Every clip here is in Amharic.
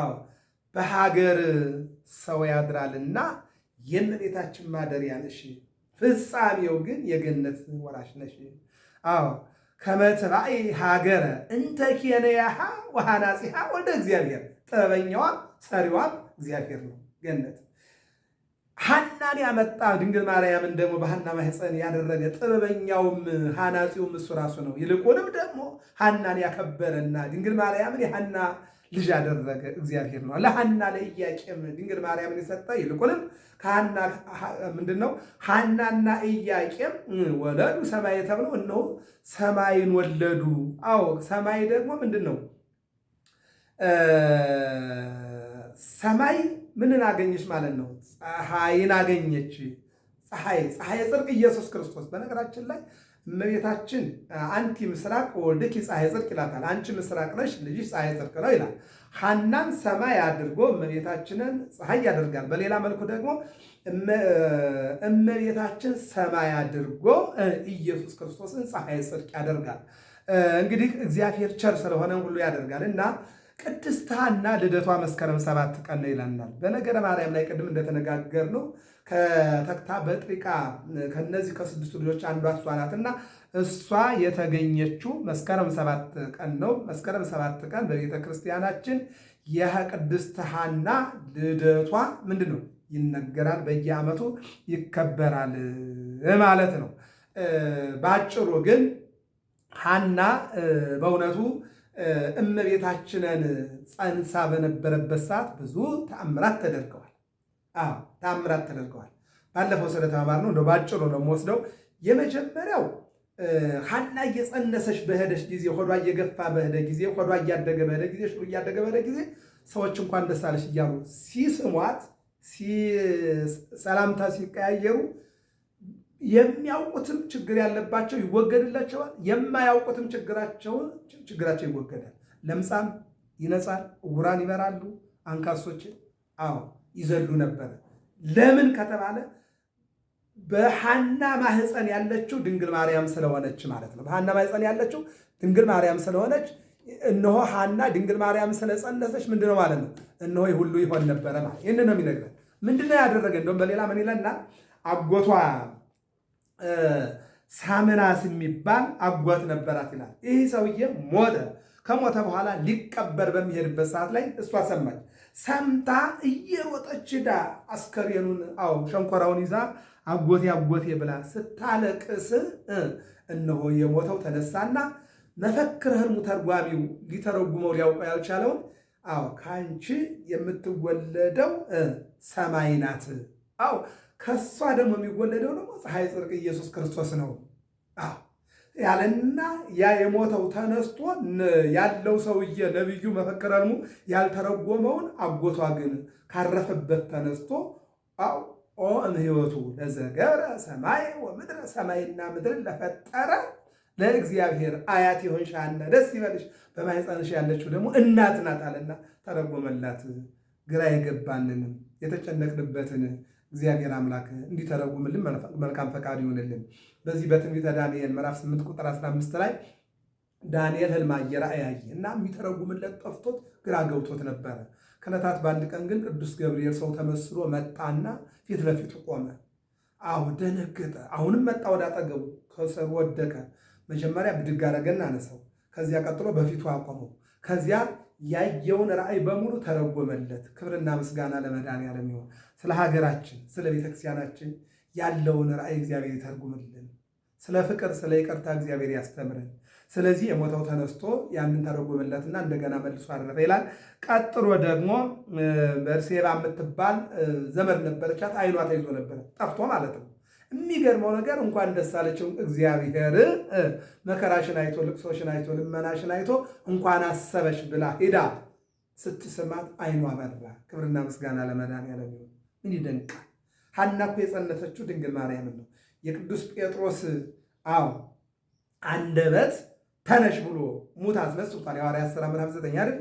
አዎ በሀገር ሰው ያድራልና የእመቤታችን ማደሪያ ነሽ፣ ፍጻሜው ግን የገነት ወራሽ ነሽ። አዎ ከመትራይ ሀገረ እንተ ኬንያሃ ወሃናጺሃ ወልደ እግዚአብሔር፣ ጥበበኛዋም ሰሪዋም እግዚአብሔር ነው። ገነት ሐናን ያመጣ ድንግል ማርያምን ደግሞ በሐና ማህፀን ያደረገ ጥበበኛውም ሐናጺውም እሱ ራሱ ነው። ይልቁንም ደግሞ ሐናን ያከበረና ድንግል ማርያምን የሐና ልጅ ያደረገ እግዚአብሔር ነው። ለሐና ለኢያቄም ድንግል ማርያምን የሰጠ ይልቁንም ከሐና ምንድን ነው ሐናና ኢያቄም ወለዱ ሰማይ ተብለው እነሆ ሰማይን ወለዱ። አዎ ሰማይ ደግሞ ምንድን ነው? ሰማይ ምንን አገኘች ማለት ነው? ፀሐይን አገኘች። ፀሐይ ፀሐይ ጽድቅ ኢየሱስ ክርስቶስ በነገራችን ላይ እመቤታችን አንቲ ምስራቅ ወልድኪ ፀሐይ ጽድቅ ይላታል። አንቺ ምስራቅ ነሽ፣ ልጅሽ ፀሐይ ጽድቅ ነው ይላል። ሐናን ሰማይ አድርጎ እመቤታችንን ፀሐይ ያደርጋል። በሌላ መልኩ ደግሞ እመቤታችን ሰማይ አድርጎ ኢየሱስ ክርስቶስን ፀሐይ ጽድቅ ያደርጋል። እንግዲህ እግዚአብሔር ቸር ስለሆነ ሁሉ ያደርጋል እና ቅድስት ሐና ልደቷ መስከረም ሰባት ቀን ነው ይላናል። በነገረ ማርያም ላይ ቅድም ነው ከተክታ በጥሪቃ ከነዚህ ከስድስቱ ልጆች አንዷ እሷ ናትና እሷ የተገኘችው መስከረም ሰባት ቀን ነው። መስከረም ሰባት ቀን በቤተ ክርስቲያናችን የቅድስት ሐና ልደቷ ምንድን ነው ይነገራል፣ በየዓመቱ ይከበራል ማለት ነው። በአጭሩ ግን ሐና በእውነቱ እመቤታችንን ፀንሳ በነበረበት ሰዓት ብዙ ተአምራት ተደርገዋል። አዎ ተአምራት ተደርገዋል። ባለፈው ስለተማማር ነው ባጭሩ ነው የምወስደው። የመጀመሪያው ሐና እየፀነሰች በሄደች ጊዜ ሆዷ እየገፋ በሄደ ጊዜ ሆዷ እያደገ በሄደ ጊዜ ሽሩ እያደገ በሄደ ጊዜ ሰዎች እንኳን ደስ አለሽ እያሉ ሲስሟት ሰላምታ ሲቀያየሩ የሚያውቁትም ችግር ያለባቸው ይወገድላቸዋል፣ የማያውቁትም ችግራቸውን ችግራቸው ይወገዳል። ለምጻም ይነጻል፣ ዕውራን ይበራሉ፣ አንካሶች አዎ ይዘሉ ነበረ። ለምን ከተባለ በሐና ማህፀን ያለችው ድንግል ማርያም ስለሆነች ማለት ነው። በሐና ማህፀን ያለችው ድንግል ማርያም ስለሆነች እነሆ ሐና ድንግል ማርያም ስለጸነሰች ምንድን ነው ማለት ነው እነሆ ሁሉ ይሆን ነበረ ማለት ይህን ነው የሚነግረን። ምንድን ነው ያደረገ እንደውም በሌላ ምን ይለና አጎቷ ሳምናስ የሚባል አጎት ነበራት ይላል። ይህ ሰውዬ ሞተ። ከሞተ በኋላ ሊቀበር በሚሄድበት ሰዓት ላይ እሷ ሰማች። ሰምታ እየሮጠች ዳ አስከሬኑን አዎ ሸንኮራውን ይዛ አጎቴ አጎቴ ብላ ስታለቅስ እነሆ የሞተው ተነሳና መፈክረ ሕልሙ ተርጓሚው ሊተረጉመው ሊያውቀው ያልቻለውን አዎ ከአንቺ የምትወለደው ሰማይ ናት አዎ ከእሷ ደግሞ የሚወለደው ደግሞ ፀሐይ ጽድቅ ኢየሱስ ክርስቶስ ነው። ያለና ያ የሞተው ተነስቶ ያለው ሰውዬ ነቢዩ መፈክረሙ ያልተረጎመውን አጎቷ ግን ካረፈበት ተነስቶ ኦ እምሕይወቱ ለዘገብረ ሰማይ ወምድረ ሰማይና ምድርን ለፈጠረ ለእግዚአብሔር አያት የሆንሽ ሐና ደስ ይበልሽ፣ በማኅፀንሽ ያለችው ደግሞ እናት ናት አለና ተረጎመላት። ግራ የገባንን የተጨነቅንበትን እግዚአብሔር አምላክ እንዲተረጉምልን መልካም ፈቃድ ይሆንልን። በዚህ በትንቢተ ዳንኤል ምዕራፍ 8 ቁጥር 15 ላይ ዳንኤል ህልም አየ፣ ራእይ አየ እና የሚተረጉምለት ጠፍቶት ግራ ገብቶት ነበረ። ከዕለታት በአንድ ቀን ግን ቅዱስ ገብርኤል ሰው ተመስሎ መጣና ፊት ለፊቱ ቆመ። አሁ ደነገጠ። አሁንም መጣ፣ ወደ አጠገቡ ከሰሩ ወደቀ። መጀመሪያ ብድግ አደረገና አነሳው። ከዚያ ቀጥሎ በፊቱ አቆመው። ከዚያ ያየውን ራእይ በሙሉ ተረጎመለት። ክብርና ምስጋና ለመዳን ይሁን። ስለ ሀገራችን፣ ስለ ቤተክርስቲያናችን ያለውን ራእይ እግዚአብሔር ይተርጉምልን። ስለ ፍቅር፣ ስለ ይቅርታ እግዚአብሔር ያስተምርን። ስለዚህ የሞተው ተነስቶ ያንን ተረጎመለትና እንደገና መልሶ አረፈ ይላል። ቀጥሎ ደግሞ በርሴባ የምትባል ዘመድ ነበረቻት፣ አይኗ ተይዞ ነበረ፣ ጠፍቶ ማለት ነው የሚገርመው ነገር እንኳን ደስ አለችው እግዚአብሔር መከራሽን አይቶ ልቅሶሽን አይቶ ልመናሽን አይቶ እንኳን አሰበሽ ብላ ሄዳ ስትሰማት አይኗ በራ። ክብርና ምስጋና ለመድኃኒዓለም ይሁን። ምን ይደንቃል! ሐና እኮ የጸነሰችው ድንግል ማርያምን ነው። የቅዱስ ጴጥሮስ አዎ አንደበት ተነሽ ብሎ ሙት አስነስቷል። የሐዋርያት ሥራ ምዕራፍ ዘጠኝ አይደል?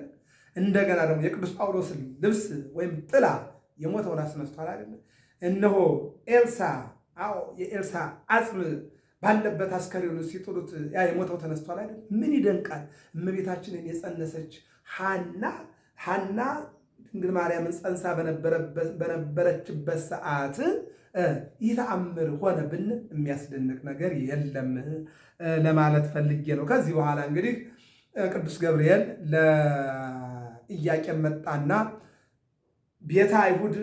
እንደገና ደግሞ የቅዱስ ጳውሎስን ልብስ ወይም ጥላ የሞተውን አስነስቷል አይደል? እነሆ ኤልሳ አዎ የኤልሳ አጽም ባለበት አስከሬኑ ሲጥሉት ያ የሞተው ተነስቷል አይደል? ምን ይደንቃል! እመቤታችንን የጸነሰች ሐና ሐና ድንግል ማርያምን ጸንሳ በነበረችበት ሰዓት ይህ ተአምር ሆነ ብን የሚያስደንቅ ነገር የለም ለማለት ፈልጌ ነው። ከዚህ በኋላ እንግዲህ ቅዱስ ገብርኤል ለኢያቄም መጣና ቤተ አይሁድ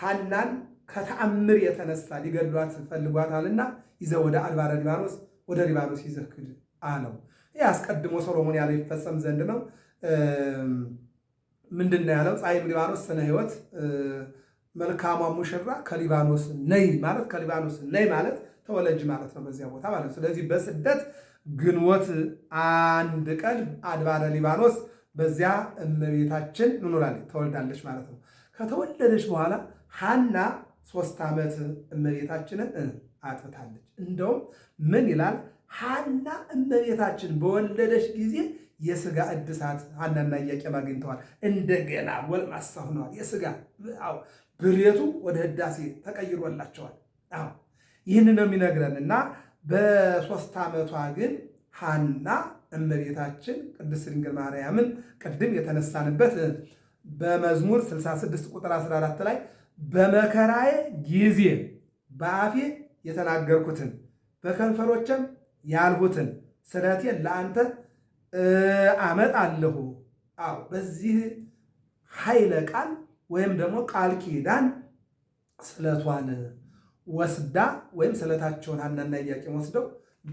ሐናን ከተአምር የተነሳ ሊገድሏት ፈልጓታልና ይዘ ወደ አድባረ ሊባኖስ ወደ ሊባኖስ ይዘህ ክድ አለው። ይህ አስቀድሞ ሰሎሞን ያለው ይፈጸም ዘንድ ነው። ምንድን ነው ያለው? ፀሐይም ሊባኖስ ስነ ህይወት መልካሟ ሙሽራ ከሊባኖስ ነይ ማለት ከሊባኖስ ነይ ማለት ተወለጅ ማለት ነው፣ በዚያ ቦታ ማለት ነው። ስለዚህ በስደት ግንቦት አንድ ቀን አድባረ ሊባኖስ በዚያ እመቤታችን ምኖላለች ተወልዳለች ማለት ነው። ከተወለደች በኋላ ሐና ሶስት ዓመት እመቤታችንን አጥብታለች። እንደውም ምን ይላል ሐና እመቤታችን በወለደች ጊዜ የስጋ እድሳት ሐናና ኢያቄም አግኝተዋል። እንደገና ጎልማሳ ሆነዋል። የስጋ ብሬቱ ወደ ህዳሴ ተቀይሮላቸዋል። ይህን ነው የሚነግረን እና በሶስት ዓመቷ ግን ሐና እመቤታችን ቅድስት ድንግል ማርያምን ቅድም የተነሳንበት በመዝሙር 66 ቁጥር 14 ላይ በመከራዬ ጊዜ በአፌ የተናገርኩትን በከንፈሮችም ያልሁትን ስለቴ ለአንተ አመጣለሁ። አዎ በዚህ ኃይለ ቃል ወይም ደግሞ ቃል ኪዳን ስለቷን ወስዳ ወይም ስለታቸውን ሐናና ኢያቄም ወስደው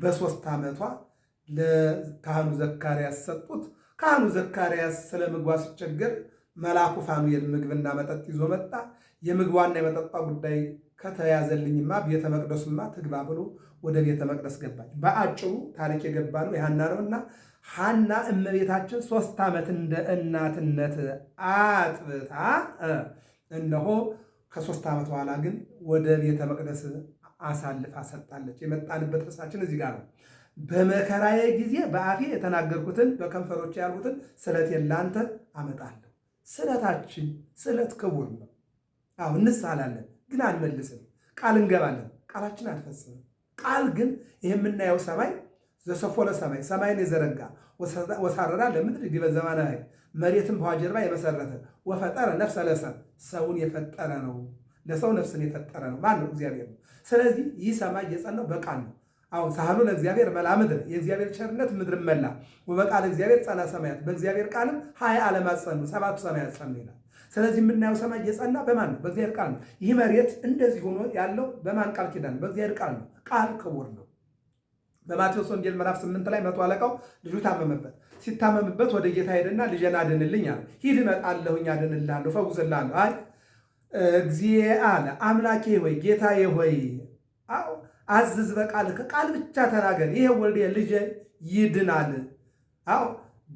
በሶስት ዓመቷ ለካህኑ ዘካርያስ ሰጡት። ካህኑ ዘካርያስ ስለ ምግቧ ሲቸገር መልአኩ ፋኑኤል ምግብና መጠጥ ይዞ መጣ። የምግቧና የመጠጧ ጉዳይ ከተያዘልኝማ ቤተ መቅደሱማ ትግባ ብሎ ወደ ቤተ መቅደስ ገባች። በአጭሩ ታሪክ የገባ ነው የሐና ነውና ሐና እመቤታችን ሶስት ዓመት እንደ እናትነት አጥብታ እነሆ ከሶስት ዓመት በኋላ ግን ወደ ቤተ መቅደስ አሳልፋ ሰጣለች። የመጣንበት ርዕሳችን እዚህ ጋር ነው። በመከራዬ ጊዜ በአፌ የተናገርኩትን በከንፈሮች ያልኩትን ስለቴን ላንተ አመጣለሁ። ስለታችን ስለት ክቡር ነው። አዎ እንሳላለን፣ ግን አንመልስም። ቃል እንገባለን፣ ቃላችን አንፈጽምም። ቃል ግን ይህ የምናየው ሰማይ ዘሰፎለ ሰማይ ሰማይን የዘረጋ ወሳረዳ ለምድር ዲበ ዘማናዊ መሬትን በውኃ ጀርባ የመሰረተ ወፈጠረ ነፍሰ ለሰብእ ሰውን የፈጠረ ነው። ለሰው ነፍስን የፈጠረ ነው። ማን ነው? እግዚአብሔር ነው። ስለዚህ ይህ ሰማይ የጸናው በቃል ነው። አሁን ሳህሉ ለእግዚአብሔር መላ ምድር የእግዚአብሔር ቸርነት ምድር መላ ወበቃለ እግዚአብሔር ጸና ሰማያት በእግዚአብሔር ቃልም ሀያ ዓለማት ጸኑ ሰባቱ ሰማያት ጸኑ ይላል። ስለዚህ የምናየው ሰማይ የጸና በማን ነው? በእግዚአብሔር ቃል ነው። ይህ መሬት እንደዚህ ሆኖ ያለው በማን ቃል ኪዳን? በእግዚአብሔር ቃል ነው። ቃል ክቡር ነው። በማቴዎስ ወንጌል ምዕራፍ ስምንት ላይ መቶ አለቃው ልጁ ታመመበት። ሲታመምበት ወደ ጌታ ሄደና ልጄን አድንልኝ አለ። ሂድ እመጣለሁኝ፣ አድንልሃለሁ፣ እፈውስልሃለሁ። አይ እግዚአ አለ አምላኬ ሆይ ጌታዬ ሆይ አዝዝ በቃልህ ከቃል ብቻ ተናገር፣ ይሄ ወልዴ ልጄ ይድናል። አዎ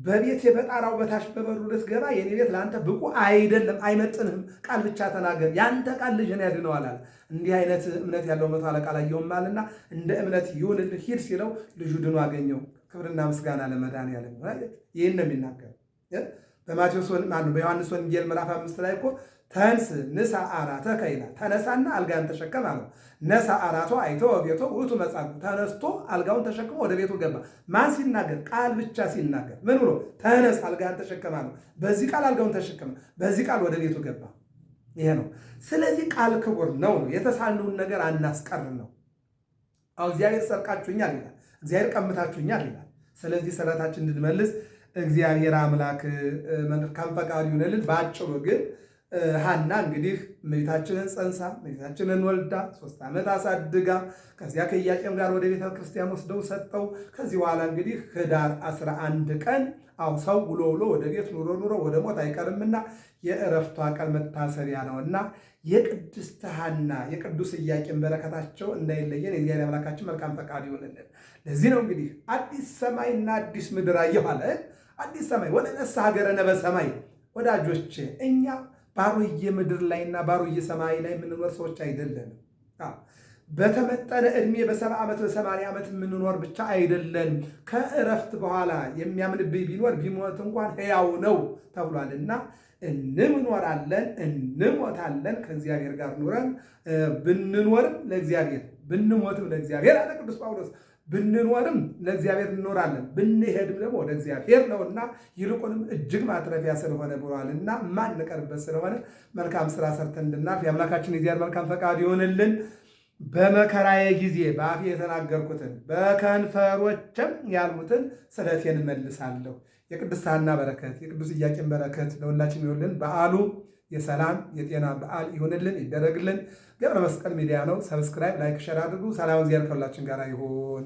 በቤት በጣራው በታች በበሩ ልትገባ የኔ ቤት ለአንተ ብቁ አይደለም፣ አይመጥንህም። ቃል ብቻ ተናገር፣ ያንተ ቃል ልጅን ያድነዋል አለ። እንዲህ አይነት እምነት ያለው መቶ አለቃ ላይ ላየውማልና እንደ እምነት ይሁንልህ ሂድ ሲለው ልጁ ድኖ አገኘው። ክብርና ምስጋና ለመድኃኒዓለም። ይህን ነው የሚናገር በማቴዎስ ወን ማነው በዮሐንስ ወንጌል ምዕራፍ አምስት ላይ እኮ ተንስ ንሳ አራተ ከይላ ተነሳና አልጋን ተሸከም አለው። ነሳ አራቶ አይቶ ቤቶ ውቱ መጻጉዕ ተነስቶ አልጋውን ተሸክሞ ወደ ቤቱ ገባ። ማን ሲናገር? ቃል ብቻ ሲናገር ምን ብሎ ተነስ አልጋን ተሸከም አለው። በዚህ ቃል አልጋውን ተሸከመ። በዚህ ቃል ወደ ቤቱ ገባ። ይሄ ነው። ስለዚህ ቃል ክቡር ነው። የተሳልነውን ነገር አናስቀር ነው። እግዚአብሔር ሰርቃችሁኛል ይላል። እግዚአብሔር ቀምታችሁኛል ይላል። ስለዚህ ስረታችን እንድንመልስ እግዚአብሔር አምላክ መልካም ፈቃድ ይሁንልን። በአጭሩ ግን ሀና እንግዲህ እመቤታችንን ፀንሳ፣ እመቤታችንን ወልዳ ሶስት ዓመት አሳድጋ ከዚያ ከኢያቄም ጋር ወደ ቤተ ክርስቲያን ወስደው ሰጠው። ከዚህ በኋላ እንግዲህ ህዳር 11 ቀን አው ሰው ውሎ ውሎ ወደ ቤት ኑሮ ኑሮ ወደ ሞት አይቀርምና የእረፍቷ ቀን መታሰቢያ ነውና የቅድስት ሐና የቅዱስ ኢያቄም በረከታቸው እንዳይለየን የእግዚአብሔር አምላካችን መልካም ፈቃድ ይሁንልን። ለዚህ ነው እንግዲህ አዲስ ሰማይና አዲስ ምድር አየሁ አለ አዲስ ሰማይ ወደ ነሳ ሀገረ ሰማይ። ወዳጆች እኛ ባሮዬ ምድር ላይና ባሮዬ ሰማይ ላይ የምንኖር ሰዎች አይደለንም። በተመጠነ ዕድሜ በሰባ ዓመት በሰማንያ ዓመት የምንኖር ብቻ አይደለንም። ከእረፍት በኋላ የሚያምንብኝ ቢኖር ቢሞት እንኳን ሕያው ነው ተብሏልና እንኖራለን፣ እንሞታለን። ከእግዚአብሔር ጋር ኑረን ብንኖርም ለእግዚአብሔር ብንሞትም ለእግዚአብሔር አለ ቅዱስ ጳውሎስ ብንኖርም ለእግዚአብሔር እንኖራለን፣ ብንሄድም ደግሞ ወደ እግዚአብሔር ነውና ይልቁንም እጅግ ማትረፊያ ስለሆነ ብሏል ብሏልና ማንቀርበት ስለሆነ መልካም ስራ ሰርተን እንድናልፍ የአምላካችን እግዚአብሔር መልካም ፈቃድ ይሆንልን። በመከራዬ ጊዜ በአፍ የተናገርኩትን በከንፈሮችም ያልሁትን ስለቴን መልሳለሁ። የቅድስት ሐና በረከት የቅዱስ ኢያቄም በረከት ለሁላችን ይሆንልን በዓሉ የሰላም የጤና በዓል ይሁንልን፣ ይደረግልን። ገብረ መስቀል ሚዲያ ነው። ሰብስክራይብ፣ ላይክ፣ ሸር አድርጉ። ሰላም እግዚአብሔር ከሁላችን ጋር ይሁን።